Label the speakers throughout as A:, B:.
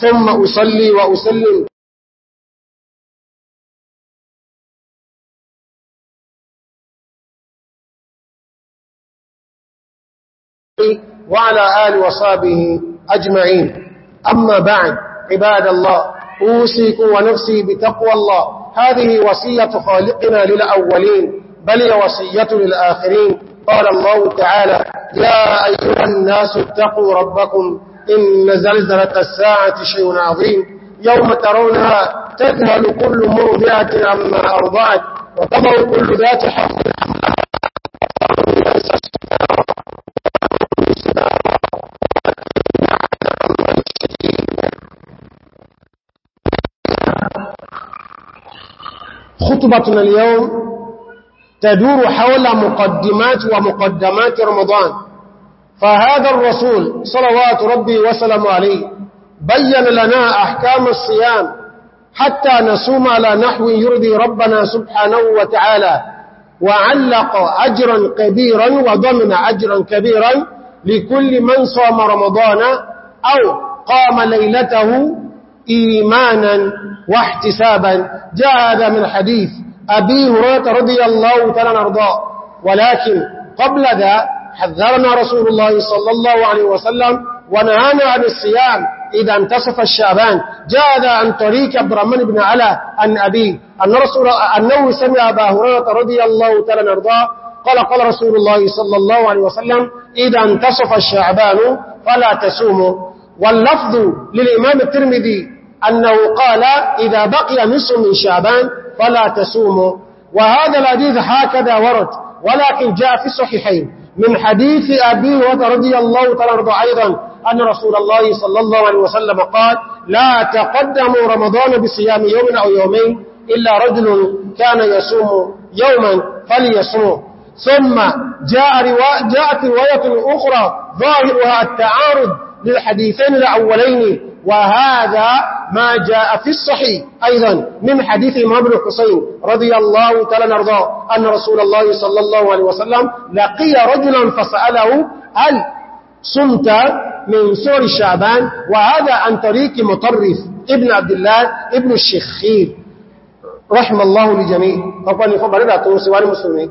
A: ثم أصلي وأسلم وعلى آل وصابه أجمعين أما بعد عباد الله أوسيك ونفسي بتقوى الله هذه وصية خالقنا للأولين بل هي وصية للآخرين قال الله تعالى يا أيها الناس اتقوا ربكم إن زلزلة الساعة شيء عظيم يوم ترونها تذهل كل مرضعة عما أرضعت وتضع كل ذات حفظ خطبتنا اليوم تدور حول مقدمات ومقدمات رمضان فهذا الرسول صلوات ربي وسلم عليه بيّن لنا أحكام الصيام حتى نصوم على نحو يرضي ربنا سبحانه وتعالى وعلق أجرا كبيرا وضمن أجرا كبيرا لكل من صام رمضان أو قام ليلته إيمانا واحتسابا جاء هذا من حديث أبي هرات رضي الله تعالى نرضاه ولكن قبل ذا حذرنا رسول الله صلى الله عليه وسلم ونهانا عن الصيام إذا انتصف الشعبان جاء ذا عن طريق عبد بن على أن أبي أن رسول أنه سمع أبا هريرة رضي الله تعالى نرضاه قال قال رسول الله صلى الله عليه وسلم إذا انتصف الشعبان فلا تسوموا واللفظ للإمام الترمذي أنه قال إذا بقي نصف من شعبان فلا تسوموا وهذا الأديث هكذا ورد ولكن جاء في الصحيحين من حديث أبي رضي الله تعالى أيضا أن رسول الله صلى الله عليه وسلم قال لا تقدموا رمضان بصيام يوم أو يومين إلا رجل كان يصوم يوما فليسوم ثم جاء روا... جاءت رواية أخرى ظاهرها التعارض للحديثين الأولين وهذا ما جاء في الصحيح أيضا من حديث إمام بن حسين رضي الله تعالى نرضاه أن رسول الله صلى الله عليه وسلم لقي رجلا فسأله هل صمت من سور شعبان وهذا عن طريق مطرف ابن عبد الله ابن الشخير رحم الله لجميع فقال لكم بريد أتوسي والمسلمين المسلمين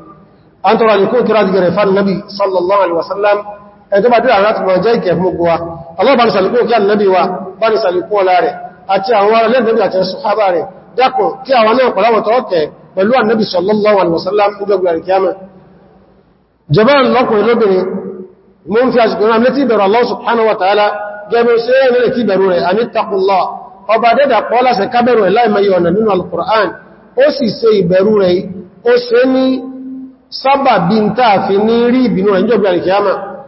A: أنتوا رأيكم كراد جريفان النبي صلى الله عليه وسلم ẹ̀tọ́ bá dúrà láti mọ̀ jẹ́ ìkẹ̀ fún gbogbo wa Allah bá ní sàlùkú kí ànàbí wa bá ní sàlùkú ọlá rẹ̀ àti àwọn ará lẹ́gbẹ̀ẹ́ àti ṣùhábà rẹ̀ dákùn kí àwọn náà pàláwọ̀ tọ́ọ̀kẹ̀ pẹ̀lú ànàbí sallallahu alaihi wasallam gbogbo àríkíyàmà jẹbọ́n lọ́kùnrin lóbìnrin mú ń fi àṣìkò rán létí ìbẹ̀rù Allah subhanahu wa ta'ala gẹ́bẹ̀ sí ẹ̀rẹ́ létí ìbẹ̀rù rẹ̀ àní taqullah ọba dẹ́dà pọ́ láṣẹ kábẹ̀rù ẹ̀ láìmọye ọ̀nà ní rí ìbínú rẹ̀ níjọ̀gbẹ̀ àríkíyàmà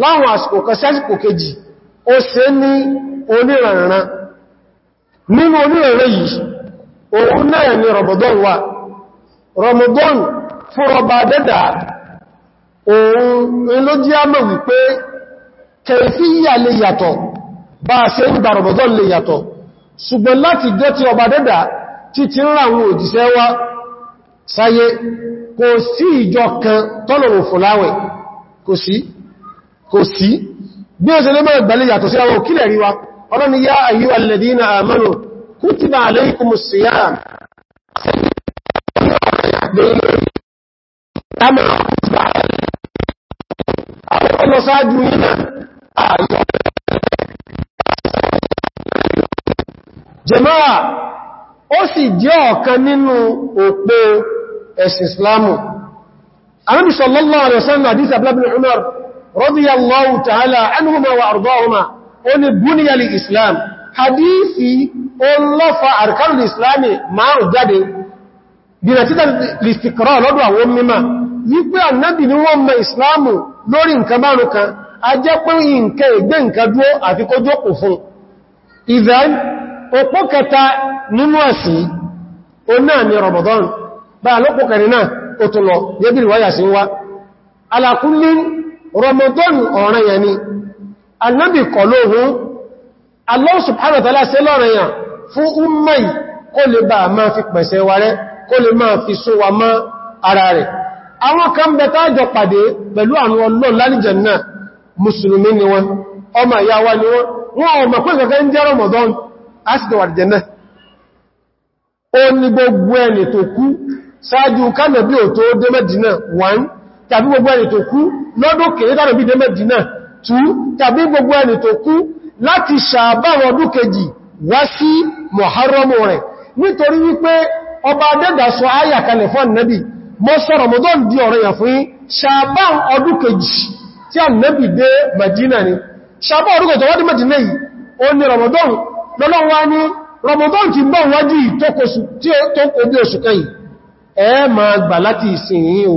A: láwọn àsìkò kan sásìkò kejì ó ṣe ní oníranran nínú oníranran yìí òun náà ni Ramadan wà Ramadan fún ọba dẹ́dà òun ló jí àmọ̀ wípé kẹfíyà lè yàtọ̀ bá a ṣe ń gba Ramadan lè yàtọ̀ ṣùgbọ́n láti jẹ́ ti ọba dẹ́dà títí ń ra àwọn òjíṣẹ́ wá sáyé kò sí ìjọ kan tọ́lọ̀rùn fòláwẹ̀ kò sí kò sí bí ó ṣe lé mọ́ ìgbàlẹ̀ yàtọ̀ sí àwọn òkílẹ̀ ríwá ọlọ́ni yá ayyuha alladhina amanu kutiba alaykumus siyam jẹmáà ó sì jẹ́ ọ̀kan nínú òpó ẹ̀sìn islamu anábi sallallahu àdísà ibn Umar رضي الله تعالى عنهما وأرضاهما أن بني الإسلام حديثي الله فأركان الإسلام ما أرجده بنتيجة الاستقرار لدوا ومما wípé annabi ni wọ́n mọ̀ ìsìláàmù lórí nǹkan márùn kan a jẹ́ pé nǹkan ìgbé nǹkan dúó àfi kó jókò fún ìdán òpó kẹta nínú ẹ̀sì o náà ni Ramadan bá alópò kẹrin náà ó tún lọ yẹ́bìrì wáyà sí wá alákúnlé Ramadan ọ̀ràn yẹn ni Ànábì kọ̀ lóhun Allah subhanahu wa ta'ala ṣe lọ́rọ̀ yẹn fún ummai kó lè bá máa fi pẹ̀sẹ̀ wa rẹ́ kó lè máa fi sún wa mọ́ ara rẹ̀ àwọn kan bẹ̀tá jọ pàdé pẹ̀lú àwọn Ọlọ́run lálìjẹ̀ náà mùsùlùmí ni wọn ọmọ 1 tàbí gbogbo ẹni tó kú lọ́dún kèrè tàbí bídé mẹ́dínà tú tàbí gbogbo ẹni tó kú láti ṣàbáwọn ọdún kejì wá sí mọ̀hárọ́mù rẹ̀ nítorí wípé ọba adẹ́dà sọ ayà kalẹ̀ fún nẹ́bì mọ́ sọ Ramadan di ọ̀rọ̀ yà fún ṣàbáwọn ọdún kejì tí a ni ṣàbáwọn ọdún kejì wá dé Ramadan lọ́lọ́wọ́ Ramadan ti bọ́ wájú tó kò bí oṣù kẹ́yìn gbà láti ìsìn yìí o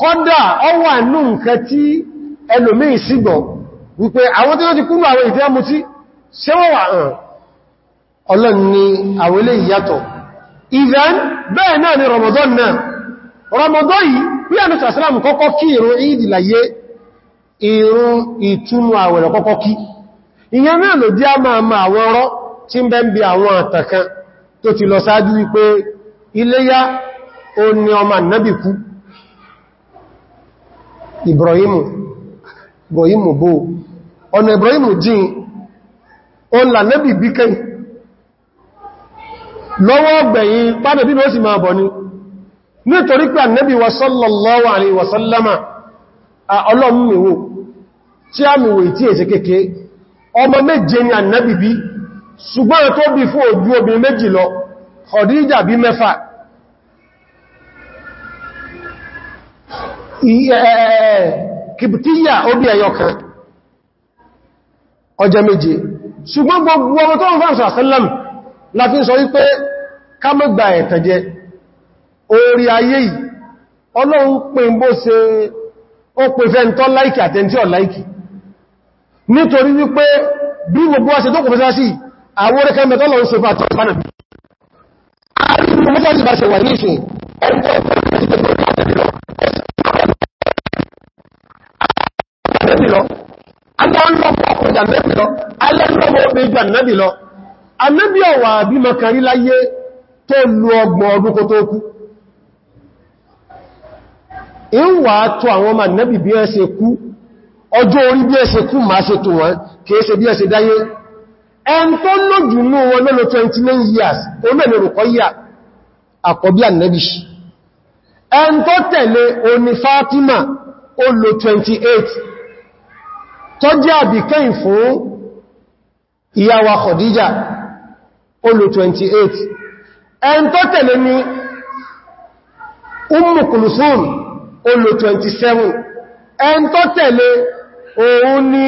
A: kọ́dà ọwà nù nǹkan tí ẹlòmí ìsìgbọ̀ wípé àwọn tí ó ti kúrò àwọn ìtẹ́ mú tí ṣe wọ́n wà hàn ọlọ́n ni àwọn ilé ìyàtọ̀ ìdán bẹ́ẹ̀ náà ni Ramadan náà Ramadan yìí bí i àmìsà islam kọ́kọ́ kí ìrun ìdìláyé ìrun ìtúnu àwẹ̀rẹ̀ kọ́kọ́ kí ìyẹn náà ló dí a máa ma àwọn ọ̀rọ̀ tí ń bẹ́ ń bi àwọn àtàkan tó ti lọ sáájú wípé iléyá ó ní ọmọ nàbìkú Ibrahimu Ibrahimu bó ọ̀nà Ibrahimu jín o ń lànẹ́bì bí kẹ́ lọ́wọ́ ọgbẹ̀yìn pàdé bí ó sì máa bọ̀ ní nítorí pé ànẹ́bì wa sallallahu alaihi wasallama a mìwò tí èsẹ kéèké ọmọ méje ni ànẹ́bì bí ṣùgbọ́n tó bí fún ojú obìnrin méjì kìbìtíyà ó bí ẹyọ kan ọjọ́ méje ṣùgbọ́n gbogbo ọmọ tó ń fáṣọ àṣẹ́lẹ̀m láti sọ wípé ká má gba ẹ̀tẹ̀jẹ orí ayé yìí ọlọ́run pè ń bó ṣe ó pè fẹ́ ń tọ́ láìkì àtẹ́ntí ọ̀ láìkì nítorí wípé bí gbogbo ọ̀sẹ̀ ànẹ́bì lọ alọ́lọ́pọ̀ ọkùnrin ànẹ́bì lọ alọ́lọ́pọ̀ obìnrin ànẹ́bì lọ ànẹ́bì ọ̀wà bí mọ̀kànrí láyé tó lù ọgbọ̀n ọdún kó tó kú ìwà tó àwọn ọmọ ànẹ́bì bí ẹ ṣe kú ọjọ́ orí bí ẹ ṣe kú máa ṣe tó wọn kìí ṣe bí ẹ ṣe dáyé ẹn tó lójú ní wọn lọ́lọ́ 29 years olóòlòrùkọ́ yà àkọ́bí ànẹ́bì ẹn tó tẹ̀lé oní Fátímà ó 28 tó jẹ́ àbìkẹ́yìn fún ìyàwó Khadija olù 28 ẹn tó tẹ̀lé ní Ummu Kulthum olù 27 ẹn tó tẹ̀lé òun ní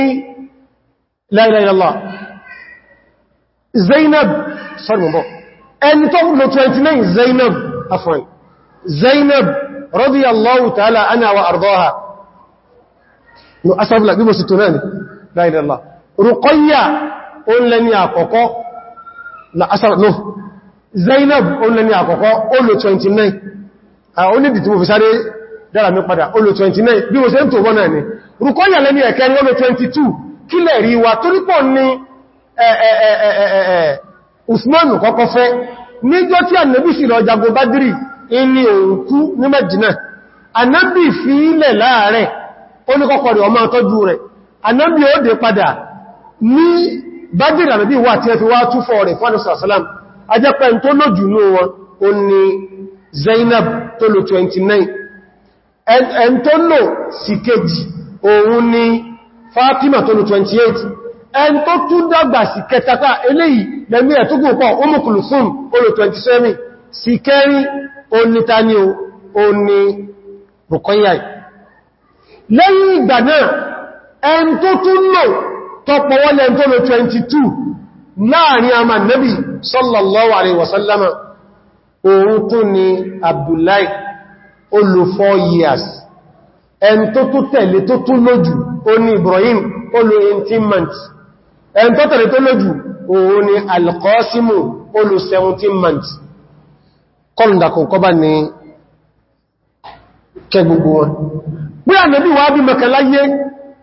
A: la ilaha illallah Zainab sorry mọ̀ ẹn tó olù 29 Zainab afwan Zainab radiyallahu ta'ala anha wa ardaha asọ́fìlà bí mo sì tó náà ni láìdẹ̀lá Ruqayya oun lẹ́ni àkọ́kọ́ na asọ́fìlà no Zainab oun lẹ́ni àkọ́kọ́ olo 29 a onídì tí mo fi sáré dára mi padà olo 29 bí mo sẹ́ ń tó wọ́n náà ni Ruqayya lẹ́ni ẹ̀kẹ́rin olo 22 kí lẹ̀ rí wa torípọ̀ ni Usmanu kọ́kọ́ fẹ́ níjọ́ tí Ànábì sì lọ jago Badri ní òun kú ní Madina Ànábì fi ilẹ̀ láàrẹ̀ ó ní kọ́kọ́ rẹ̀ ọmọ tọ́jú rẹ̀ anábí ó dé padà ní bájìrì ànábí wà tí ẹ fi wá túfọ́ rẹ̀ fún alẹ́sàsálàm ajẹ́pẹ́ tó lójú ní wọn ó ní Zainab tó lò 29 ẹn tó lò sí kejì òun ni Fatima tó lò 28 ẹn tó tún dàgbà sí kẹtàkà eléyìí lẹ́mí ẹ̀ tó gùn pọ̀ Umu Kulthum ó lò 27 sí kẹrin ó lẹ́yìn ìgbà náà ẹn tó tún lò tọpọ̀ wọlé ẹn tó lò 22 láàrin àmà nẹ́bì sallallahu alaihi wasallama òun tún ni Abdullahi olù 4 years ẹn tó tún tẹ̀lé tó tún lójú ó ní Ibrahim olù 18 months ẹn tó tẹ̀lé tó lójú 17 months kọ́ndàkùn kọ́ bá ní kẹ gbogbo wọn bí ànàbí wà bí mẹ́kànláyé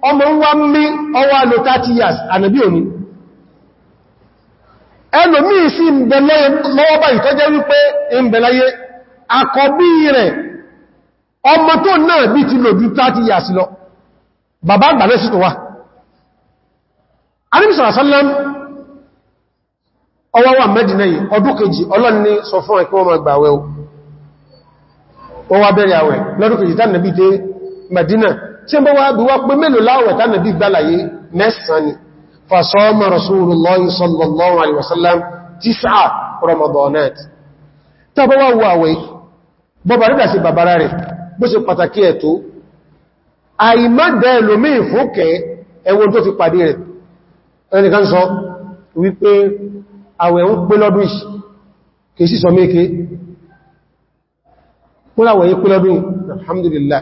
A: ọmọ wá mí ọwá lò 30 years ànàbí òní ẹlòmí sí ìbẹ̀lẹ̀ lọ́wọ́bá ìtọ́jẹ́ wípé ìbẹ̀láyé rẹ̀ ọmọ tó náà bí ti lò ju 30 years lọ bàbá àgbàlẹ̀ sí tó ọdún kejì ọlọ́ni sọ fún ẹ̀kọ́ ọmọ o wọ́n wá àwẹ̀ lọ́dún kejì dé Madina tí ó bá wá bí wá pé mélòó láwẹ̀ tánà bí gbálàyé mẹ́sàn ni fasọ́mà Rasulullah sallallahu alaihi wasallam tis'a Ramadanat tí a bá wá wàwẹ̀ bọ́bà rídà sí bàbára rẹ̀ bó ṣe pàtàkì ẹ̀tọ́ àìmọ́dẹ̀ lómí ìfókẹ́ ẹwọ́n tó fi pàdé rẹ̀ ẹnìkan sọ wípé àwẹ̀ ń pé lọ́dún ìṣì kìí sí sọ méèké múláwẹ̀ yí pé lọ́dún alhamdulillah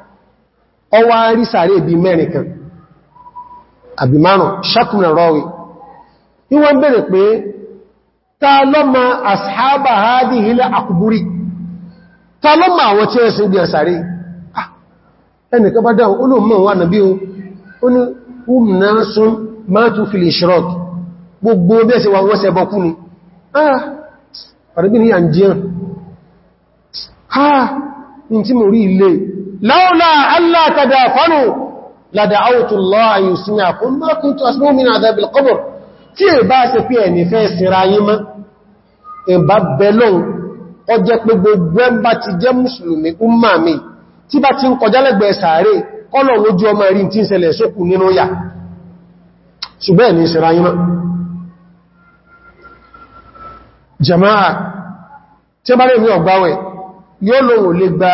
A: ọwá rí sàárè ibi mẹ́rin kan àbí márùn ṣakùnà rọ́wì ní wọ́n bèèrè pé ta lọ́mọ àṣàbà hádì ilẹ̀ àkùbúrí ta lọ́mọ àwọn tí ẹ̀sìn ibi àṣàrí ah, ẹnìkan bá dáhùn olóòmọ̀ wà o ní umna fi gbogbo ni ah, ah, ní tí mo rí لولا ألا تدافنوا لدعوت الله يسمعكم ما كنت أسمو من عذاب القبر tí bá ṣe pé ẹni fẹ́ síra yín mọ́ ìbá belon ó jẹ́ pé gbogbo en bá ti jẹ́ mùsùlùmí umma mi tí bá ti ń kọjá lẹ́gbẹ̀ẹ́ kolo lójú ọmọ rí tin ṣẹlẹ̀ sókù nínú ya ṣùgbọ́n ẹni síra yín jamaa tí bá lè ní ogbawe yóò lọ lè gba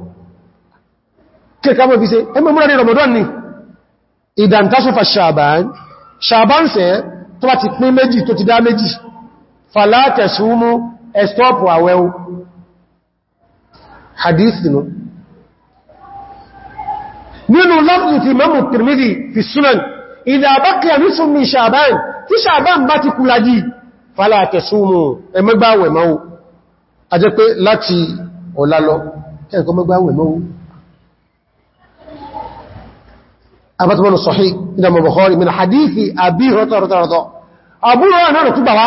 A: kíkà mọ́ fi ṣe ẹmọ múra ní Ramadan ni ìdàntásọ́fà ṣàbán ṣàbán sẹ́ tó bá ti pín méjì tó ti dá méjì fàlátẹ̀ṣúmú ẹ̀stọ́pù àwẹ́wó hadithinu nínú lọ́pù ti mọ́mù Tirmidhi fi sunan ìdàbákẹ̀ rísùn mi ṣàbán tí ṣàbán bá ti kú lájí fàlátẹ̀ṣúmú ẹmẹ́gbàwẹ̀ mọ́wó abátúmọ̀nù sọ̀hí ìdàmọ̀ Bukhari min hadithi àbí rọ́tọ̀rọ̀tọ̀rọ̀tọ̀ àbúrò náà tó bàwá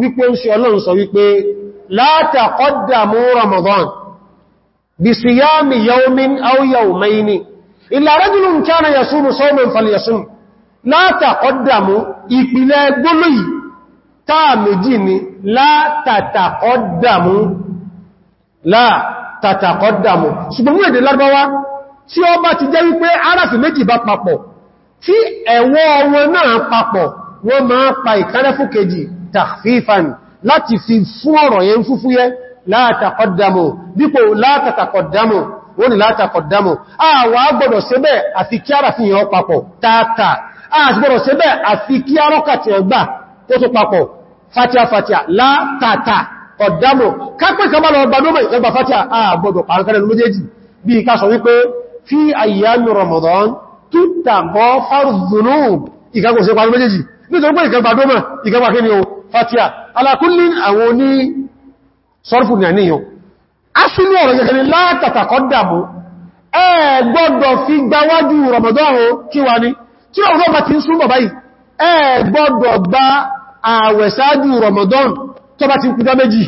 A: wípé ń ṣe ọlọ́run sọ wípé la taqaddamu Ramadan bi siyami yawmin aw yawmayni illa rajulun kana yasumu sawman falyasum la taqaddamu ìpìlẹ̀ gbólóyì táà méjì ni la tataqaddamu la tataqaddamu ṣùgbọ́n mú èdè lárúbáwá tí ó bá ti jẹ́ wípé aráfì méjì bá papọ̀ tí ẹ̀wọ́ wọn náà papọ̀ wọ́n máa pa ìkárẹ́ fún kejì tàfífàn láti fi fún ọ̀rọ̀ yẹn fúfúyẹ́ látàkọ̀dámù dípò látàkọ̀dámù wọ́n ni látàkọ̀dámù àwà gbọ́dọ̀ síbẹ̀ àfi kí ara fi yàn papọ̀ tààtà àti gbọ́dọ̀ ọgbà ó tó papọ̀ fatia fatia látàtà kọ̀dámù kápẹ́ kan bá lọ gbadómọ̀ fatia àgbọ́dọ̀ pàrọ̀kẹ́lẹ̀ lójéjì bí i ká sọ wípé fi ayyámi Ramadan tútàgọ́ fárùdùnúb ìkàkò sí parí méjèèjì nítorí pé ìkàgbàdọ́mà ìkàgbàkí ni o fatia alákúnlín àwọn oní sọ́rọ̀fù ní àníyàn asínú ọ̀rọ̀ gẹ̀gẹ̀rẹ̀ látàtàkọ́dàmú ẹ gbọ́dọ̀ fi gbáwájú Ramadan kí wà ní tí ọ̀rọ̀ bá ti ń súnmọ̀ báyìí ẹ gbọ́dọ̀ gba ààwẹ̀ sáájú Ramadan tó bá ti kúdá méjì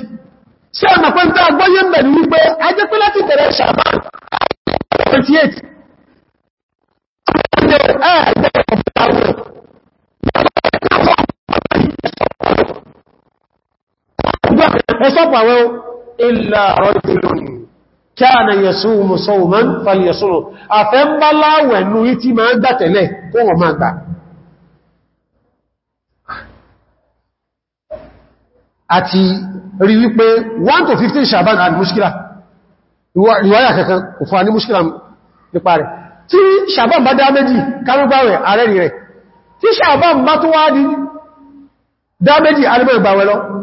A: sí ọ̀nà pẹ́ntà gbọ́yẹ́ mẹ́rin 28 ẹ̀ṣọ́pọ̀ àwẹ́ ìlà rọ́jùlùn kí a na yẹ̀sù musamman falyẹ̀sù àfẹ́ ń bá láwẹ̀ ní ìtí ma ń gbà tẹ̀lẹ̀ kó wọ́n máa gbà àti rí wípé 1 to 15 ṣàbán àti múṣkílá ìwáyà kankan kò fún ní múṣkílá nípa rẹ̀ tí ṣàbọ̀n bá dá méjì kárúgbà rẹ̀ ààrẹ rẹ̀ tí ṣàbọ̀n bá tó wá ní dá méjì alẹ́bẹ̀rẹ̀ bàwẹ̀ lọ 13-28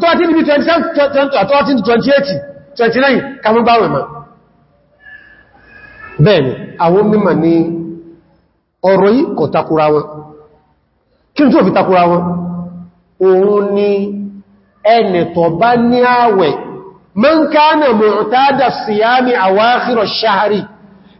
A: kárúgbà rẹ̀ ma bẹ́ẹ̀ni àwọn mímọ̀ ní ọ̀rọ̀ yìí kò takura wọn kí n tó fi takura wọn òun ni ẹnìtọ̀ bá ní àwẹ̀ man kana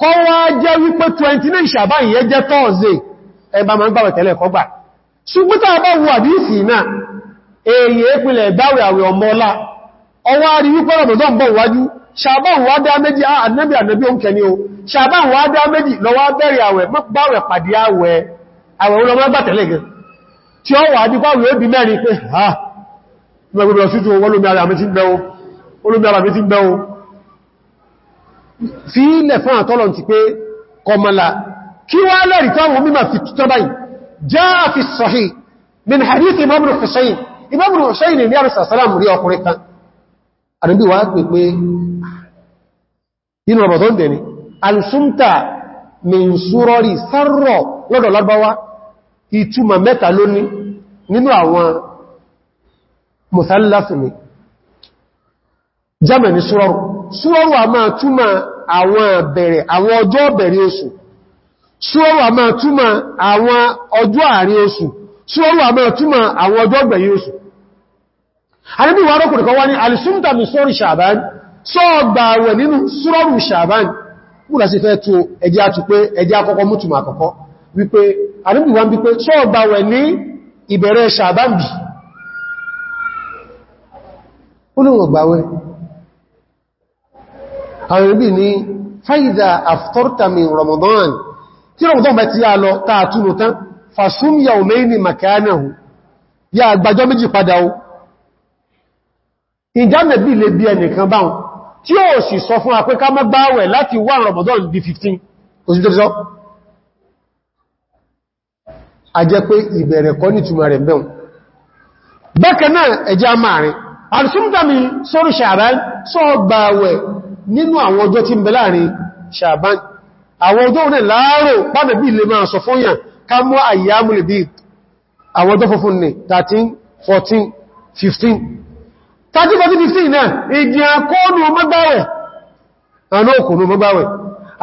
A: kọ́ wá jẹ́ wípé 29 ṣàbá ìyẹn jẹ́ tọ́ọ̀zẹ̀ ẹba ma ń gbàwẹ̀ tẹ́lẹ̀ kọ́ gbà ṣùgbọ́n tá bá wo àdíìsì náà èyí ìpìlẹ̀ dáwẹ̀ àwẹ̀ ọmọlá ọwá rí wípé rọ̀mọ̀dọ́ bọ̀ wájú ṣàbá o ṣàbá wá dá méjì ah, lọ́wọ́ bẹ̀rẹ̀ àwẹ̀ mọ́gbàwẹ̀ pàdé àwẹ̀ àwẹ̀ olọmọ gbà tẹ́lẹ̀ gan tí ó wà dípá wẹ̀ ó di mẹ́rin pé ha ah, mẹ́gbẹ̀rẹ̀ sí o fi ilẹ̀ fún àtọ́lọ̀ ti pé kọmọlá kí wá lẹ́rì táwọn mímọ̀ fi tútọ́ báyìí jaa fi sahih min hadith Imam Hussein Imam Hussein ní àrísà sálàm rí ọkùnrin kan àdúgbì wá pè pé inú ọmọ tó ń dẹni alṣúmta min súrọrí sárọ̀ lọ́dọ̀ lágbáwá ìtumọ̀ mẹ́ta ni jámẹ̀ ní súwọ́rù a máa túmọ̀ àwọn bẹ̀rẹ̀ àwọn ọjọ́ bẹ̀rẹ̀ oṣù súwọ́rù a máa túmọ̀ àwọn ọjọ́ àárín oṣù súwọ́rù a máa túmọ̀ àwọn ọjọ́ gbẹ̀yìn oṣù Ànábì wa rọ́kùnrin kan wá ní alìsúntà mi sọ́rì ṣàbán sọ́ọ̀gbà rẹ̀ nínú súrọ̀rù ṣàbán múra sí fẹ́ tó àwọn ibi ni fàídà àfọ́tàmì Ramadan tí Ramadan bá ti yá lọ tààtúnù tán fàṣún yà òmìnirin makanahu ya àgbàjọ́ méjì padà o ìjánẹ̀bí lè bí ẹnìkan báhùn tí ó sì sọ fún apé ká má gbààwẹ̀ láti 1 Ramadan di 15 oṣù tó sọ a jẹ́ pé ìbẹ̀rẹ̀ kọ́ ní túnmà rẹ̀ bẹ́hùn bẹ́kẹ̀ náà ẹjá máa rìn àrùsúntàmì sórí ṣàrá nínú àwọn ọjọ́ tí ń bẹ láàrin ṣàbán àwọn ọjọ́ òní láàárò pàdé bí lè máa sọ fún yàn ká mọ́ àyàmùlè bí àwọn ọjọ́ funfun ní 13 14 15 13 14 15 náà ìdí àkóónù mọ́gbáwẹ̀ àná òkùnù mọ́gbáwẹ̀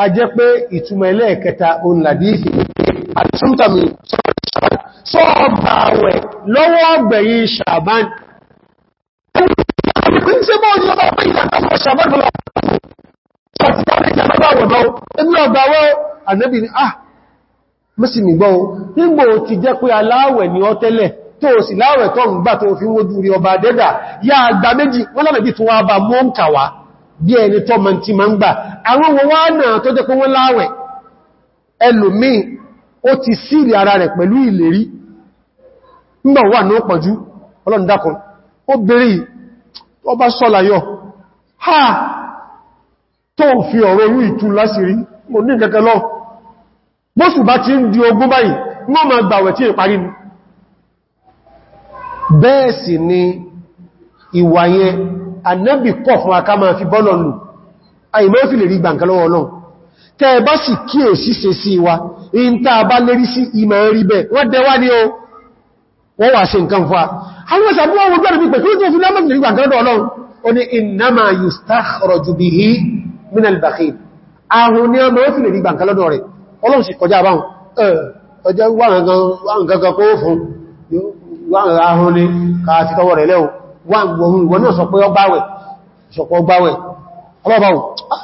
A: a jẹ́ pé ìtumọ̀ ẹlẹ́ẹ̀kẹta onlàdíìsì àti súntàmì sọ́ọ̀bàwẹ̀ lọ́wọ́ ọgbẹ̀yìn ṣàbán Ṣé bọ́ ọjọ́ ọjọ́ ọjọ́ ìjàkọ́ ṣàbọ́dọ̀lọ́ nígbò ti jẹ́ pé aláwẹ̀ ni ọ tẹ́lẹ̀ tó o sì láwẹ̀ tó ń gbà tó fi wójú rí ọba dẹ́dà ya àgbà méjì wọ́n lábẹ̀ bí tó wá bá mọ́ ń kàwà bí ẹni tó mọ́ tí ma ń gbà àwọn wọn wá náà tó wọ́n ara rẹ̀ pẹ̀lú ìlérí nígbà ha tó ń fi ọ̀rọ̀ orú ìtù lásìrí mo ní kẹ́kẹ́ lọ bóṣù bá ti ń di ogún báyìí mọ́ ma gbàwẹ̀ tí ìparí ni bẹ́ẹ̀ sì ni ìwàyẹ Ànábì kọ̀ fún aká máa fi bọ́lọ̀ lù àìmọ́ fi lè rí gbàǹkan lọ́wọ́ náà tẹ́ bá sì kíyèsí ṣe sí wa in tá wọ́n o wọ́n wà ṣe nǹkan fún a àwọn ìṣàbúwọ̀ gbọ́rọ̀ bí pẹ̀kúrú tó fi lámọ́ fi lè rí gbàǹkan lọ́wọ́ náà ó ní innama yustakhraju bihi min al-bakhil ahun ni ọmọ ó sì lè rí gbàǹkan lọ́dọ̀ rẹ̀ ọlọ́run sì kọjá báhùn ọjọ́ wọ́n gangan kó fún wọ́n ahun ni káàtí tọwọ́ rẹ̀ lẹ́wọ́ wọ́n wọ́n náà sọ pé ọgbáwẹ̀ sọpọ̀ ọgbáwẹ̀ ọlọ́bàwọ̀ ah,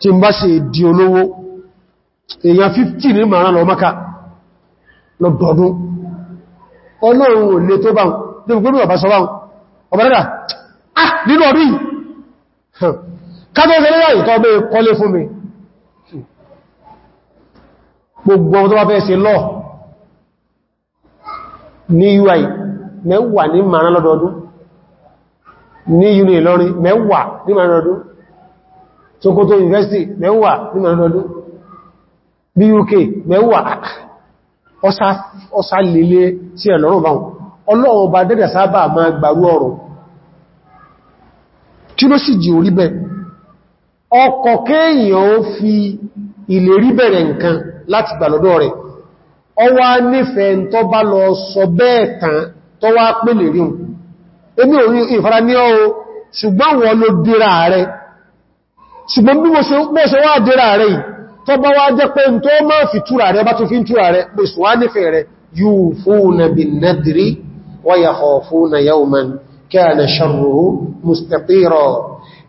A: tí ń bá ṣe di olówó èèyàn 50 ní màrán lọ maka lọ́dọọdún ọlọ́run ò lè tó báhùn kájọ́ ìṣẹ́lẹ̀ ìtọ́ bẹ́ kọlé fún mi gbogbo ọmọ tó bá fẹ́ ṣe lọ ní ui mẹ́wàá ní lọ́dọọdún ní uni mẹ́wàá ní lọ́dọọdún University mẹ́wàá ní lọ́dọọdún UK mẹ́wàá ọsá dẹ́dẹ̀ sábà máa gbàrú ọ̀rọ̀ kí ló sì jì orí bẹ́ẹ̀ ọkọ̀ kéèyàn ó fi ìlérí bẹ̀rẹ̀ nǹkan láti gbà lọ́dọ̀ rẹ̀ ọ wá nífẹ̀ẹ́ tó bá lọ sọ bẹ́ẹ̀ tán tó wá pè lè ríun èmi ò rí ọ́ ṣùgbọ́n wọ́n ló dira rẹ̀ ṣùgbọ́n bí mo ṣe wá dira rẹ̀ tó bá wá jẹ́ pé tó má fi túra rẹ̀ bá tó fi túra rẹ̀ pè sọ wá nífẹ̀ẹ́ rẹ̀ yufuna bin nadri wa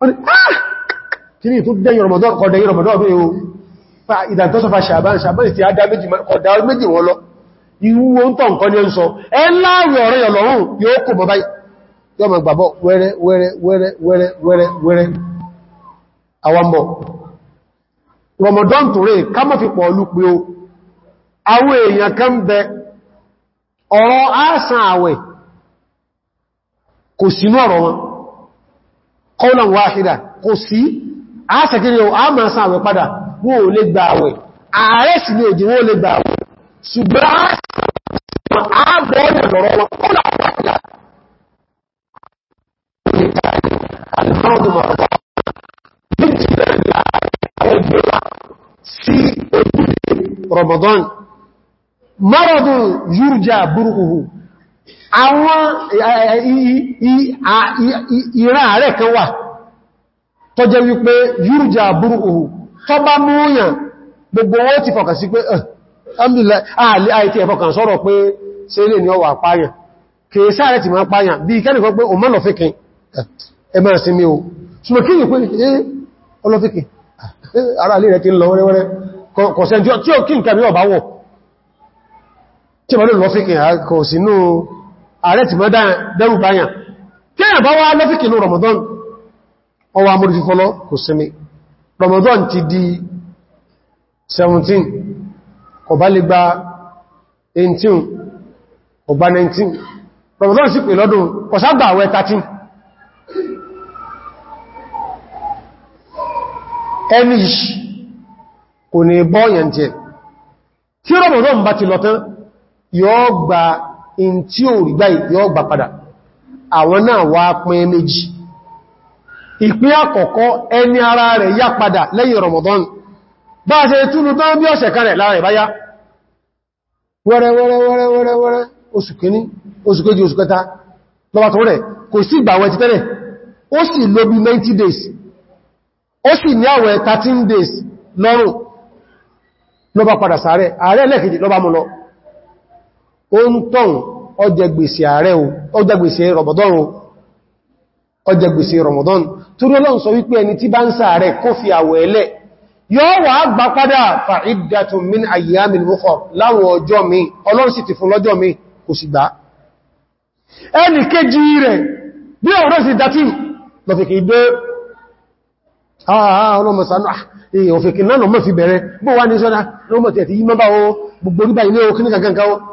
A: kíní ah! tó dẹ́yìn Ramadan kọ̀dẹ̀yìn Ramadan ya o! fa ìdàntọ́sọ̀fà ṣàbán ṣàbán ìsì àdá méjì wọ́n lọ irú wọ́n tọ́ nǹkan ní ọ̀sọ̀ ẹláàrù ọ̀rẹ́ ọlọ́run yóò kò bọ́bá kọ́lọ̀n wáhídà kò sí aṣẹ́kiri o a máa san àwẹ̀ padà wọ́n ò lè gba àwẹ̀ ààrẹ sì ní òjì wọ́n ò lè gba àwẹ̀ ṣùgbọ́n Ramadan, maradun yurja àwọn ìran ààrẹ kan wà tó jẹ́ wípé yúrùjà burú ohù tó bá múyàn gbogbo owó ti fọkàn sí pé ààlẹ́ àìtí ẹ̀fọkàn sọ́rọ̀ pé ṣe ilé ni ọwà pààyàn kìí sáàrẹ ti máa pààyàn bí kẹ́nìkan pé o mọ́ lọ́fẹ́kìn ẹmọ́ ìsinmi o ṣùgbọ́n kí yìí pé ọlọ́fẹ́kìn ara alẹ́ rẹ̀ ti lọ wẹ́rẹ́wẹ́rẹ́ bí ọ̀bá ààrẹ ti mọ́ dẹ́rù báyàn tí èyàn bá wá lọ́fíkì ní Ramadan ọwọ́ amúrí fọ́lọ́ kò sinmi Ramadan ti di 17 kò lè gba 18 kò 19 Ramadan sì pè lọ́dún kò ságbà àwẹ̀ 13 ẹni kò ní bọ́ yẹn jẹ tí Ramadan bá ti lọ tán yóò gba in tí ò rí gbáyì yóò gbà padà àwọn náà wá pín méjì ìpín àkọ́kọ́ ya pada rẹ̀ yá padà lẹ́yìn Ramadan bá ṣe túnú tán bí ọ̀sẹ̀ kan rẹ̀ lára ìbáyá wẹ́rẹ́wẹ́rẹ́wẹ́rẹ́wẹ́rẹ́ oṣù kìíní oṣù kejì oṣù kẹta lọ́wọ́ tó rẹ̀ kò sí ìgbàwẹ̀ ti tẹ́lẹ̀ ó sì lò bí 90 days ó sì ní àwẹ̀ 13 days lọ́rùn ló pada padà sáré ààrẹ lẹ́kìdì ló bá mú ó ń tọ́n ọjẹ́gbèsè rọ̀bọ̀dọ́rùn ọjẹ́gbèsè rọ̀mọ̀dọ́n tó rí ọlọ́run sọ wípé ẹni tí bá ń ṣàárẹ̀ kó fi àwẹ̀ ẹlẹ̀ yóò wà gbà padà fa iddatun min ayyamin ukhar láwọn ọjọ́ mi ọlọ́run sì ti fún lọ́jọ́ mi kò sì gbà ẹni kéjì rẹ̀ bí ọ̀rọ̀ sí dátí lọ́fẹ̀kì dé àà ọlọ́mọ̀sánà èèyàn òfèkì ní sọ́nà lọ́mọ̀ tẹ̀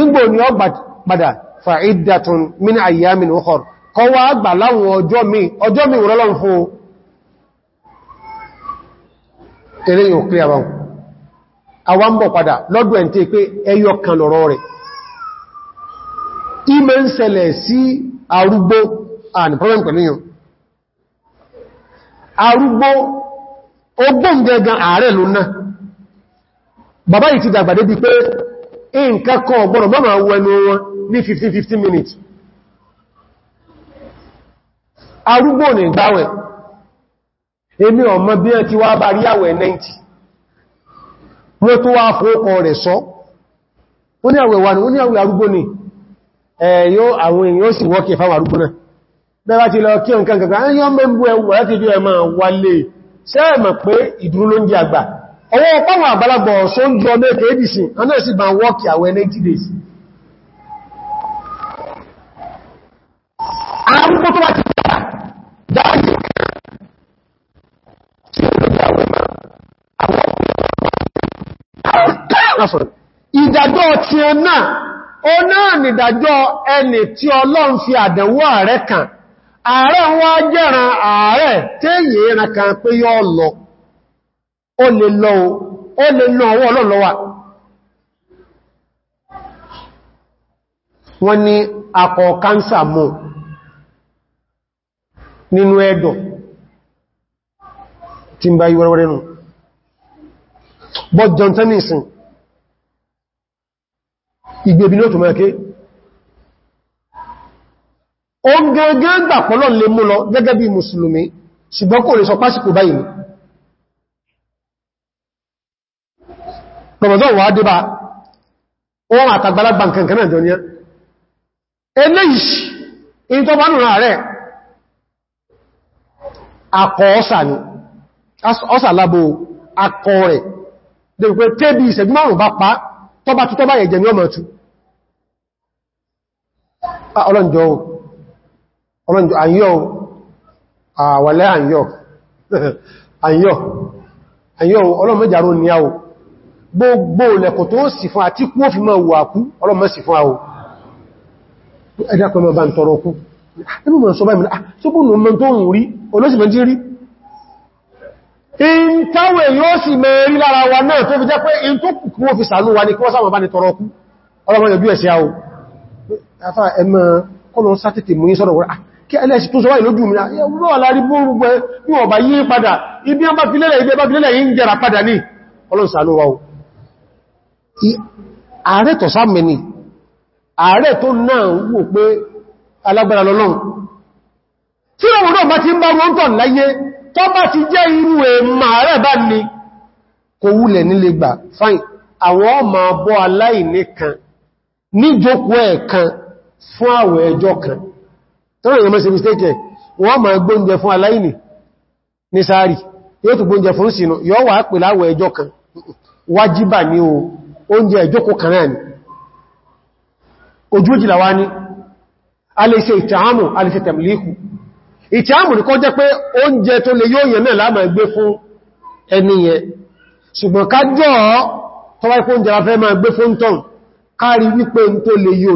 A: ìgbò ni ọ padà fa'iddatun min ayyamin ukhar kọ wá gbà láwọn ọjọ́ mi ọjọ́ mi wùrọ́lọ́n fún eré yóò kí àwọn padà lọ́dún ẹ̀ntí pé ẹyọ kan lọ́rọ̀ rẹ̀ ime ń ṣẹlẹ̀ sí arúgbó àni problem pẹ̀lú arúgbó ogbóǹgẹ̀gan ààrẹ lónà bàbá nǹkan kan ọ̀gbọ̀nà bọ́ máa wẹnu wọn ní 15-15 minutes arúgbó ní gbáwẹ̀ èmi ọmọ bí ẹ ti wá bá rí àwẹ̀ 90 wọ́n tó wá fóókọ rẹ̀ sọ ó ní àwẹ̀ wà ní ó ní àwẹ̀ arúgbó ní ẹ̀yọ́ àwọn èèyàn sì wọ́kẹ̀ fáwọn arúgbó náà bẹ́bá ọwọ́ ọpáwọn àbálagbọ̀ ọmọ èkè abc anáà sì bá wọ́kì àwẹ̀ 90 days ma tí ó náà ó náà nìdájọ́ ẹni tí ọlọ́run fi ààrẹ kan ààrẹ ààrẹ kan pé yọ́ lọ. ó lè lọ ó lè lọ ọwọ́ ọlọ́lọ́wà wọ́n ní akọ̀ kánsà mọ́ nínú ẹ̀dọ̀ tí ń bá yí wẹ́rẹ́wẹ́rẹ́ nù but John Tennyson ìgbèbí ló túnmọ̀ ẹ̀kẹ́ o gẹ́gẹ́ gbàpọ̀lọ́ lè mú lọ gẹ́gẹ́ bí mùsùlùmí ṣùgbọ́n kò lè sọ pásìkò báyìí rọ̀mọ̀dọ́ wà débà wọ́n àtàgbàlagbà nǹkan náà jọniá eléyìí in tó bá nùra rẹ̀ akọ ọ́sà ni ọ́sà lábò akọ rẹ̀ dẹ̀rù pé tébì ìṣẹ́jú márùn bá pa tọ́bá tó tọ́bá yẹ̀jẹ̀ ní ọmọ ẹ̀tù ọlọ́njọ́ ni a ò gbogbo lẹ́kọ̀ tó sì fún àti kú ó fi máa wà kú ọlọ́mọ sì fún àwọ̀ ẹ̀dàkọ̀ mọ̀ bá ń tọrọ kú ẹgbẹ́ mọ̀ sọ báyìí tó bú nù mọ́ tó ń rí olóṣìmọ̀ jí rí in táwẹ̀ yóò sì mẹ́rí lára wa náà tó fi jẹ́ pé in tó kú ó ah, ah, fi sàánú wa ní ibi ọba ibi ọba fi lẹ́lẹ̀ yí ń jẹ́ra padà ní ààrẹ tọ̀ sáàmẹ́ni ààrẹ tó náà wò pé alágbára lọ́lọ́run tí ọmọ náà bá ti ń bá wọn tọ̀ láyé tó bá ti jẹ́ irú èèmà ààrẹ bá ní kò wúlẹ̀ nílé gbà fáìn àwọn ọmọ bọ́ aláìní kan níjókòó ẹ̀kan fún kan mistake wọ́n máa gbóúnjẹ fún aláìní ní sáàrì yóò tó gbóúnjẹ fún sínú yóò wà o oúnjẹ ìjókò kanáà ni ojú òjìlá wá ní a lè ṣe ìtààmù a lè ṣe tẹ̀mìlìkù ìtààmù ní kọ́ jẹ́ pé oúnjẹ tó lè yóò yẹ náà láàmà gbé fún ẹniyẹ ṣùgbọ́n ká jọ tọwá ipò oúnjẹ afẹ́ máa gbé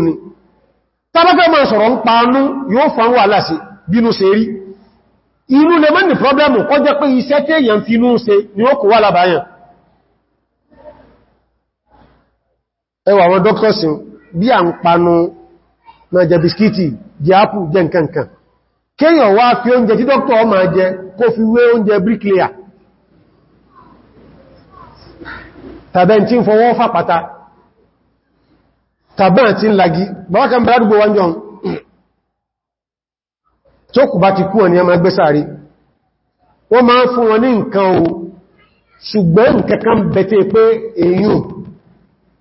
A: ni tábákẹ́ máa sọ̀rọ̀ ń paanú yóò fún wà ẹwà àwọn doctors bí à ń panu na jẹ biskiti jẹ ápù jẹ nkankan kéyàn wá fi oúnjẹ tí dókítà ọ máa jẹ kó fi wé oúnjẹ bricklayer tàbẹ́ tí ń fọwọ́ fàpàtà tàbẹ́ tí ń lagi bàwákan bẹ̀rẹ̀ àdúgbò wọ́n jọun tó kù bá ti kú ọ̀nà ẹmà gbé sáré wọ́n máa ń fún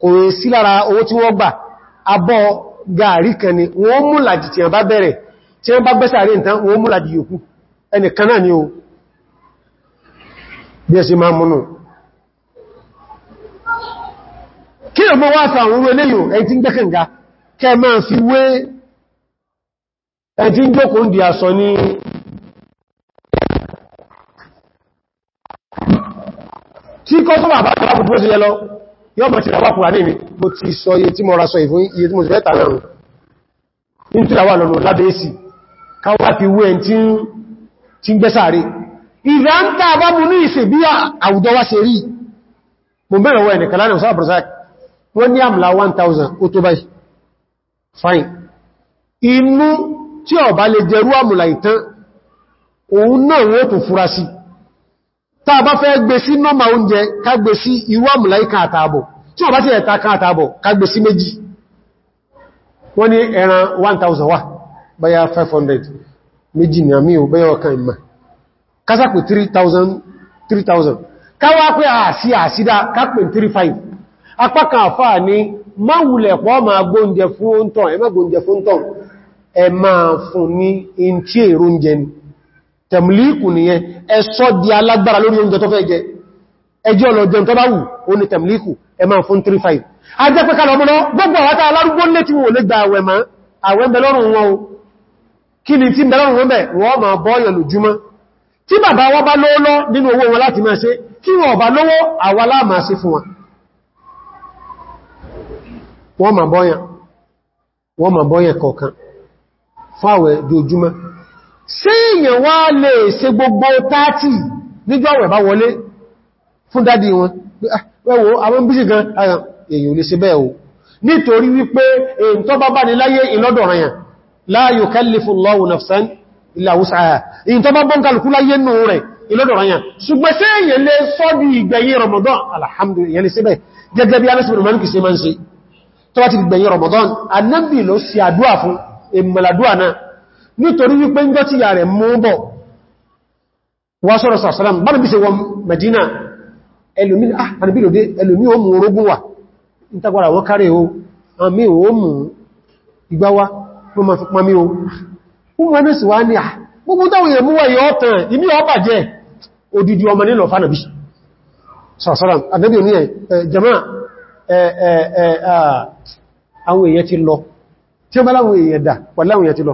A: kò si sí lára owó tí wọ́n gbà abọ́ gààrí kan ni wọ́n mú làjì tí wọ́n bá bẹ̀rẹ̀ tí wọ́n bá gbẹ́sà rí nǹkan wọ́n mú làjì yòókù ẹnìkan náà ni o bí ẹ ṣe máa kí tí fi ni. kọ́ yọ́ mọ̀ tìràwà fún àní mi mo ti sọ iye tí mo ra sọ ìfún iye tí mo fẹ́ tààrà rùn ní tìràwà lọ́nà lábẹ́ẹ̀sì káwà fi wé ẹn tí ń gbẹ́sàárẹ̀ ìrẹ́ ń tàà bá mú ní ìsẹ̀ bí àwùjọ wá ṣe rí mo bẹ̀rẹ̀ wọ́n ní fine inú tí ó bá lè jẹrú àmìlà ìtàn tá a bá fẹ́ gbé sí nọ́mà oúnjẹ ká gbé sí tí wọ́n bá sí ẹ̀ta ká àtààbọ̀ ká gbé sí méjì wọ́n ẹran 1000 wà báyá 500 méjì ní àmì òbẹ́yà ọkàn ìmà kásàpù 3000 3000 káwà pé àṣí àṣídá kápẹ̀ 35 kan àfà ní máwùlẹ̀ pọ̀ máa tẹ̀mlíkù nìyẹn ẹ̀ṣọ́ di alágbára lórí oúnjẹ tó fẹ́ jẹ ẹjẹ́ ọlọ́jẹun tó bá wù ó ní tẹ̀mlíkù ẹ máa fún 35 a jẹ́ pé kalọ̀ ọmọdọ́ gbogbo àwátá alárúgbó lé tí wọ́n lè gba àwẹ̀ máa àwẹ̀ bẹ̀lọ́rùn wọn o kí ni tí bẹ̀lọ́rùn wọn bẹ̀ wọ́n máa bọ́ọ̀yàn lójúmọ́ tí bàbá wọn bá fáwẹ̀ dojúmọ́ ṣé èyàn wá lè ṣe gbogbo 30 níjọ́ àwẹ̀ bá wọlé fún dádì wọn ah, wẹ́wọ́ àwọn bíṣì gan ah, èyàn lè ṣe bẹ́ẹ̀ o nítorí wípé èyàn tó bá bá ní láyé ìlọ́dọ̀ranyàn la yukallifu nafsan illa wus'aha èyàn tó bá bọ́n kálukú láyé nù rẹ̀ ìlọ́dọ̀ranyàn ṣùgbọ́n ṣé èyàn lè sọ́ di ìgbẹ̀yìn Ramadan alhamdulillah èyàn lè ṣe bẹ́ẹ̀ gẹ́gẹ́ bí alẹ́sìbìrì mọ́lùkì sí máa ń ṣe tó bá ti gbẹ̀yìn Ramadan Ànábì ló ṣe àdúà fún èmàlàdúà nítorí wípé ń gọ́tí yà rẹ̀ mú bọ̀ wá sọ́rọ̀ sàrọ̀sàrán bára bí ṣe wọ Medina ẹlòmí o ah, mú orógún wà ìtagbàrà wọ́n kárẹ̀ o àmì o mú ìgbáwá o ah, gbogbo ọba odidi àwọn èèyàn ti lọ tí ó bá láwọn èèyàn dà èèyàn ti lọ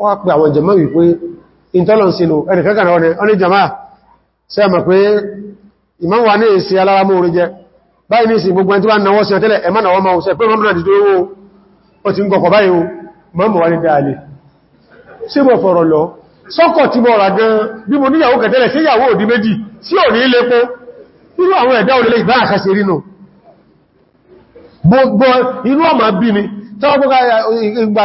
A: wọ́n pẹ àwọn jẹmọ́ wípé intolerance ẹnìkẹ́kẹ́ náà ọ̀nà jẹmọ́ ṣe mọ̀ pé ìmọ́n wà ní èsì aláramọ́ orí jẹ báyìí ní ìsìn gbogbo ẹni tó bá náwọ́ sí ọ̀tẹ́lẹ̀ ẹmọ́ náwọ́ ma ṣe pé mọ́mọ́ o ọ wà ní dáalé lọ gbogbo inú ọmọ bí mi tọ́wọ́ ìgbà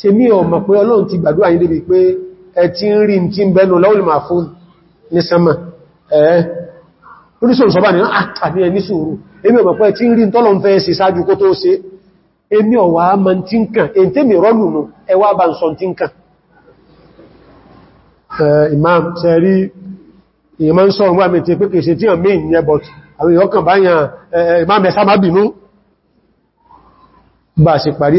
A: ṣe mí ọmọ pé ọlọ́run ti gbàdúrà yín débi pé ẹ ti ń rí tí ń bẹnu lawul mahfuz ní sánmà ẹ̀ẹ́ orísòrò sọ́bà ní àtàbí ẹni sùúrù èmi ọmọ pé ẹ ti ń rí tọ́lọ́run fẹ́ sí sáájú kó tó ṣe èmi ọ̀wà ma ti ń kàn èyí tèmi imam sẹ́rí ìyẹmọ́ ń sọ́rọ̀ wà mẹ́tẹ̀ pé kèsè tí àmì imam ẹ̀sá má bínú bá ṣe parí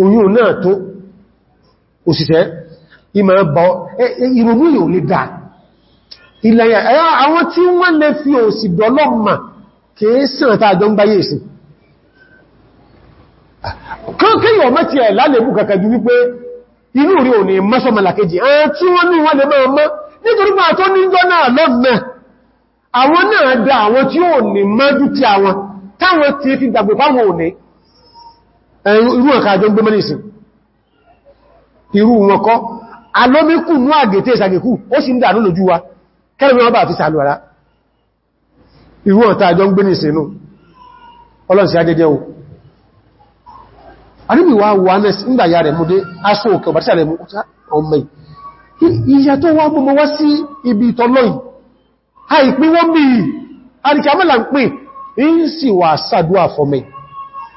A: oyún náà tó òṣìṣẹ́ ìmọ̀ ẹ̀bọ̀ ìrònú yóò lè dáa ìlàyà ẹ̀yà àwọn tí wọ́n lè fi òsì dọ́lọ́mà kèésìrìn tàà jọ ń báyé ìsìn kíyàn mẹ́tí ẹ̀ lálẹ́bù kàkà jù wípé inú rí òní mọ́sọ̀mọ̀làkejì ẹ̀yà tí wọ́n ní wọ́n lè máa mọ́ nítorí pé àtọ́ níjọ́ náà lọ́nà àwọn náà dá àwọn irú ọ̀ká àjọ gbé mẹ́lìsìn irú wọn kọ́ alómíkù ní àgètè ìsàgèkù ó sì ń dà lójú wa kẹ́lẹ̀mí ọba àti sàlùwàrá irú ọ̀tá àjọ gbé ní ìsinú ọlọ́sí ajẹ́jẹ́ o aríbìwá wà ní ìgbàyà rẹ̀ múdé aṣọ òkè rẹ̀ ibi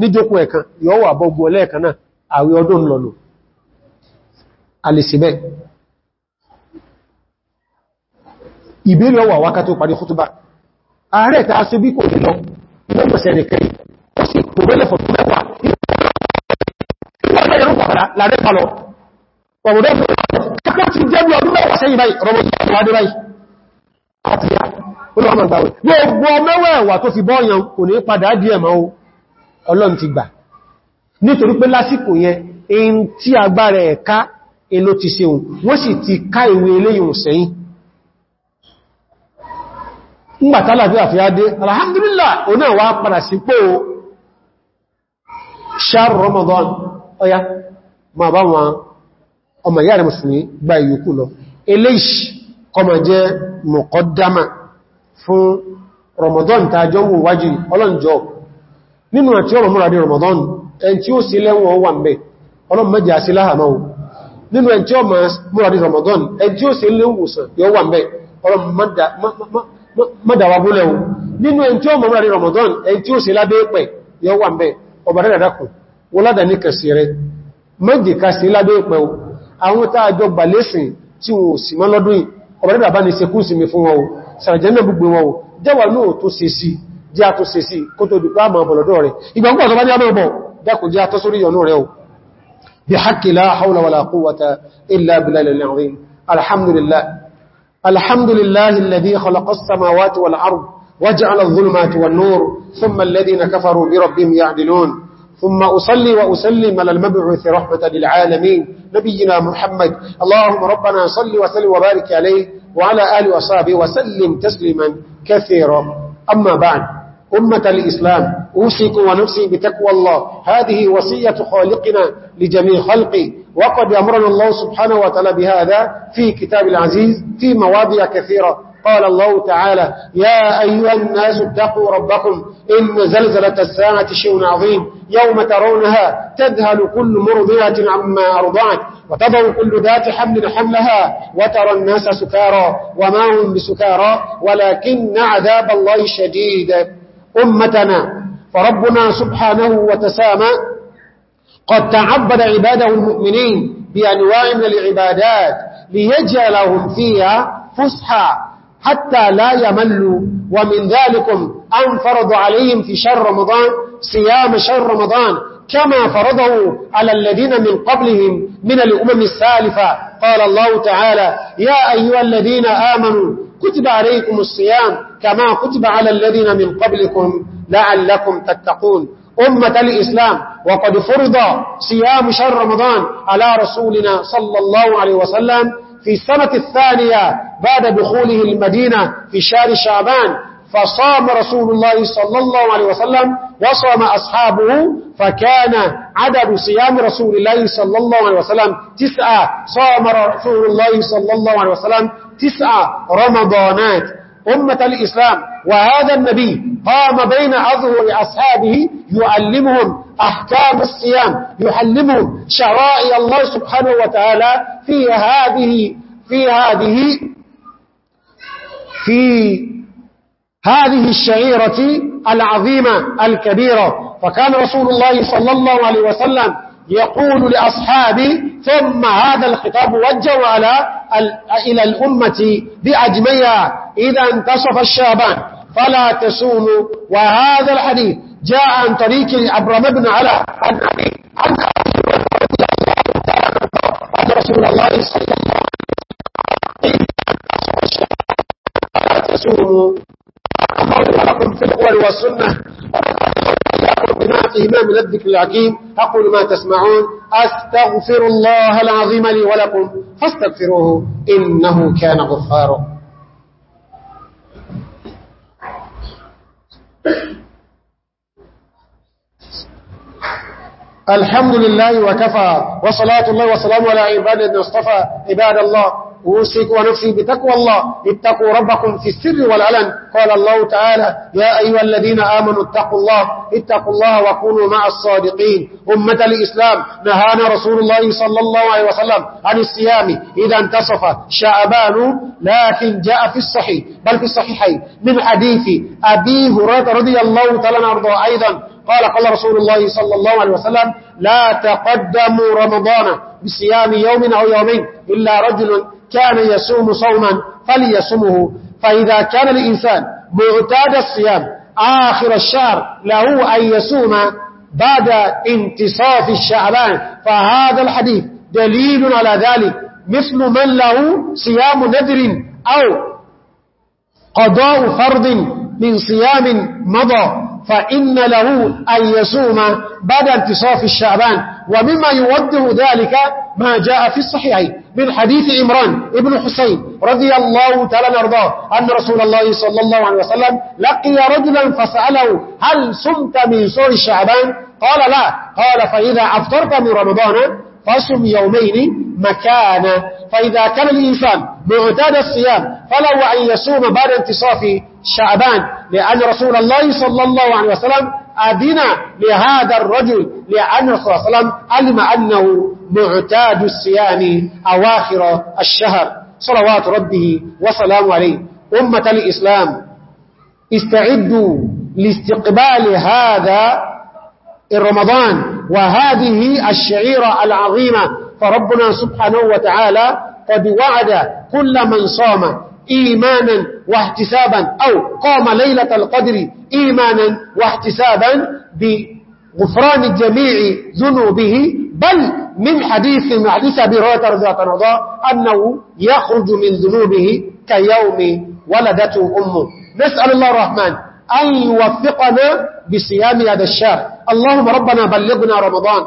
A: níjókù ẹ̀kan yóò wà bọ́gbọ́ ẹlẹ́ẹ̀kan náà àwẹ̀ ọdún lọ́nà alìsìbẹ̀ ìbílọ̀ wà wákàtí ó parí kútúbà ààrẹ ta sí bí kò lọ mọ́mọ̀sẹ̀ nìkan ó sì tó wẹ́lẹ̀ fọ̀tún mẹ́wàá Gbogbo mẹ́wàá tó fi bọ́ọ̀yàn kò ní padà díẹ̀ mọ́ ọlọ́run ti gbà nítorí pé lásìkò yẹn in tí agbára ẹ̀ká èlò ti ṣeun wọ́n sì ti ká ìwé eléyìn sẹ́yìn ńgbàtálà fi àfíádé alhamdulillah oná wà padà sípò ṣàrù Ramadan ọya ma bá wọn ọmọ ìyá rẹ̀ mùsùlùmí gba ìyókù lọ eléṣì kọmọ jẹ́ mọ̀kọ́dámà fún Ramadan tàjọ́ wọ́n wájú ọlọ́njọ́ nínú àti ọ̀rọ̀ múra ní Ramadan ẹn tí ó sí lẹ́wọ̀n wà mẹ́ ọlọ́run mẹ́jẹ àti láhàmáwò nínú ẹn tí ó múra ní Ramadan ẹn tí ó sí lẹ́wọ̀sàn yọ wà mẹ́ ọlọ́run mẹ́dàwàbúlẹ̀wò nínú ẹn tí ní Ramadan ẹn tí ó sí lábẹ́ pẹ̀ yọ wà mẹ́ ọba rẹ̀ dákù wọ́ládà ní kẹsì rẹ̀ mẹ́jẹ kásí lábẹ́ pẹ̀ àwọn tààjọ gbàlẹ́sìn tí wọ́n sì mọ́ lọ́dún ọba rẹ̀ bá ní sekúnsì mi fún wọn sàrẹ̀jẹ́ náà sí jẹ́ àtúnṣe sí kó tó dùpá àmà ọ̀bọ̀lọ̀dọ́ rẹ̀ ìgbàmgbà tó bá ní àmà dákùn jẹ́ àtọ́ sórí ọ̀nà rẹ̀ o bí haqqi la hawla wala quwwata illa billahil azim alhamdulillah alhamdulillahi alladhi khalaqa as-samawati wal ard waja'ala adh-dhulumati wan nur thumma alladhina kafaru bi rabbihim ya'dilun ثم أصلي وأسلم على المبعوث رحمة للعالمين نبينا محمد اللهم ربنا صل وسلم وبارك عليه وعلى آل وصحبه وسلم تسليما كثيرا أما بعد أمة الإسلام أوصيكم ونفسي بتقوى الله هذه وصية خالقنا لجميع خلقه وقد أمرنا الله سبحانه وتعالى بهذا في كتاب العزيز في مواضع كثيرة قال الله تعالى يا أيها الناس اتقوا ربكم إن زلزلة الساعة شيء عظيم يوم ترونها تذهل كل مرضية عما أرضعت وتضع كل ذات حمل حملها وترى الناس سكارا وما هم بسكارا ولكن عذاب الله شديد أمتنا فربنا سبحانه وتسامى قد تعبد عباده المؤمنين بأنواع من العبادات ليجعلهم فيها فسحة حتى لا يملوا ومن ذلك أن فرض عليهم في شهر رمضان صيام شهر رمضان كما فرضه على الذين من قبلهم من الأمم السالفة قال الله تعالى يا أيها الذين آمنوا كتب عليكم الصيام كما كتب على الذين من قبلكم لعلكم تتقون أمة الإسلام وقد فرض صيام شهر رمضان على رسولنا صلى الله عليه وسلم في السنة الثانية بعد دخوله المدينة في شهر شعبان فصام رسول الله صلى الله عليه وسلم وصام أصحابه فكان عدد صيام رسول الله صلى الله عليه وسلم تسعة صام رسول الله صلى الله عليه وسلم تسع رمضانات أمة الإسلام وهذا النبي قام بين أظهر أصحابه يعلمهم أحكام الصيام يعلمهم شرائع الله سبحانه وتعالى في هذه في هذه في هذه الشعيرة العظيمة الكبيرة فكان رسول الله صلى الله عليه وسلم يقول لأصحابه ثم هذا الخطاب وجه على إلى الأمة بأجميها إذا انتصف الشابان فلا تسول وهذا الحديث جاء عن طريق عبرم بن على عن عن رسول الله صلى الله عليه وسلم فلا تسولوا أمر لكم في الأول والسنة من الذكر العكيم أقول ما تسمعون أستغفر الله العظيم لي ولكم فاستغفروه إنه كان غفارا الحمد لله وكفى وصلاة الله وسلامه على عباد الذين اصطفى عباد الله أوصيك ونفسي بتقوى الله اتقوا ربكم في السر والعلن قال الله تعالى يا أيها الذين آمنوا اتقوا الله اتقوا الله وكونوا مع الصادقين أمة الإسلام نهانا رسول الله صلى الله عليه وسلم عن الصيام إذا انتصف شعبان لكن جاء في الصحيح بل في الصحيحين من حديث أبي هرات رضي الله تعالى عنه أيضا قال قال رسول الله صلى الله عليه وسلم لا تقدموا رمضان بصيام يوم أو يومين إلا رجل كان يصوم صوما فليصمه فإذا كان الإنسان معتاد الصيام آخر الشهر له أن يصوم بعد انتصاف الشعبان فهذا الحديث دليل على ذلك مثل من له صيام نذر أو قضاء فرض من صيام مضى فإن له أن يصوم بعد انتصاف الشعبان ومما يوده ذلك ما جاء في الصحيحين من حديث عمران ابن حسين رضي الله تعالى نرضاه أن رسول الله صلى الله عليه وسلم لقي رجلا فسأله هل صمت من سور الشعبان قال لا قال فإذا أفطرت من رمضان فصم يومين مكانا فإذا كان الإنسان معتاد الصيام فلو أن يصوم بعد انتصاف شعبان لأن رسول الله صلى الله عليه وسلم أذن لهذا الرجل لأن رسول الله صلى الله عليه وسلم علم أنه معتاد الصيام أواخر الشهر صلوات ربه وسلام عليه أمة الإسلام استعدوا لاستقبال هذا الرمضان وهذه الشعيرة العظيمة فربنا سبحانه وتعالى قد وعد كل من صام إيمانا واحتسابا أو قام ليلة القدر إيمانا واحتسابا بغفران الجميع ذنوبه بل من حديث من حديث أبي رواية رضا أنه يخرج من ذنوبه كيوم ولدته أمه نسأل الله الرحمن أن يوفقنا بصيام هذا الشهر اللهم ربنا بلغنا رمضان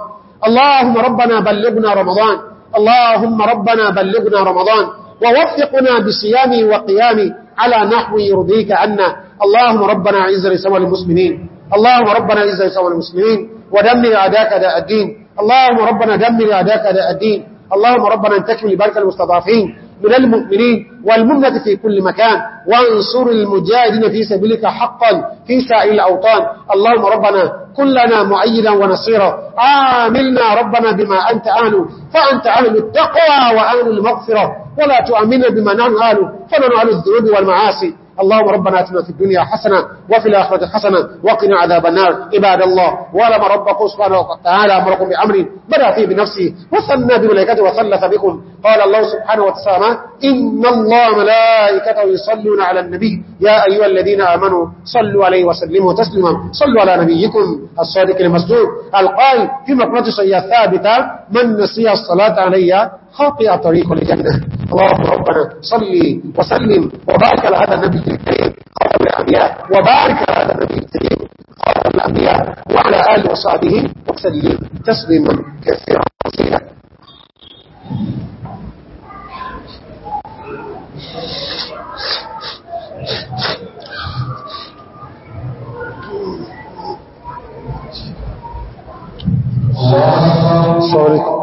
A: اللهم ربنا بلغنا رمضان اللهم ربنا بلغنا رمضان ووفقنا بصيامي وقيامي على نحو يرضيك عنا اللهم ربنا عز لسوى المسلمين اللهم ربنا عز لسوى المسلمين ودمر أداك أداء الدين اللهم ربنا دمر أداك أداء الدين اللهم ربنا انتكم لبارك المستضعفين من المؤمنين والمنة في كل مكان وانصر المجاهدين في سبيلك حقا في سائر الأوطان اللهم ربنا كلنا معيدا ونصيرا آملنا ربنا بما أنت آل فأنت آل التقوى وآل المغفرة ولا تؤمن بما نحن آل فننعل الذنوب والمعاصي اللهم ربنا اتنا في الدنيا حسنة وفي الآخرة حسنة وقنا عذاب النار عباد الله ولما ربكم سبحانه وتعالى أمركم بأمر بدأ فيه بنفسه وصلنا بملائكته وصلث بكم قال الله سبحانه وتعالى إن الله ملائكته يصلون على النبي يا أيها الذين آمنوا صلوا عليه وسلموا تسلما صلوا على نبيكم الصادق المسجود القائل في مقنة سيئة ثابتة من نسي الصلاة علي خاطئ طريق الجنة اللهم ربنا صلي وسلم وبارك على هذا النبي الكريم خاتم الأنبياء وبارك على هذا النبي الكريم خاتم الأنبياء وعلى آله وصحبه وسلم تسليما كثيرا كثيرا Sorry.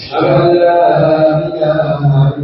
B: a la